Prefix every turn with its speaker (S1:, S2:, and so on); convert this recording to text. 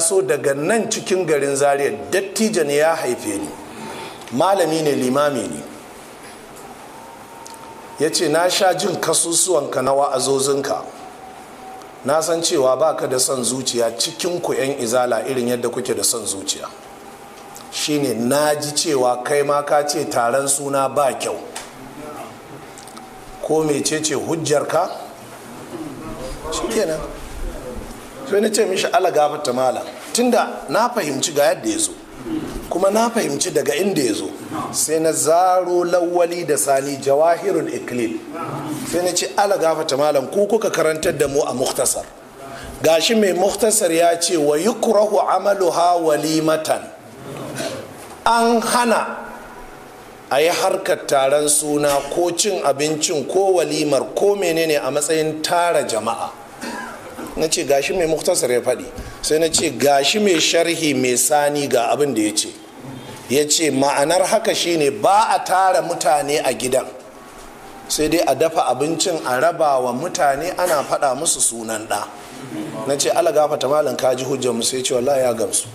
S1: so daga nan cikin garin Zariya dattijo ne ya haife ni malami ne limami ne ya ce na sha jin kasusuwanka na wa'azozinka na san cewa baka da son zuciya cikin ku 'yan izala irin yadda kuke da son zuciya shine na ji cewa kai ma ka ce taron suna ba kyau ko mecece hujjarka shi kenan sai na ce mishi ala ta malam tunda na fahimci ga yadda ya zo kuma na fahimci daga inda ya zo sai na zaro lawali da sani jawahirun iklil sai na ce ala ta malam ku kuka karantar da mu a muktasar gashi mai muktasar ya ce wa yi ha wali walimatan an hana a yi harkar taron suna ko cin abincin ko walimar ko menene a matsayin tara jama'a na ce gashi mai muktasar ya faɗi sai na ce gashi mai sharhi mai sani ga abin da ya ce ya ce ma'anar haka shine ba a tara mutane a gidan sai dai a dafa abincin a raba wa mutane ana faɗa musu sunan ɗa na ce ala gafata malam kaji hujjar mu sai ce wallahi ya gamsu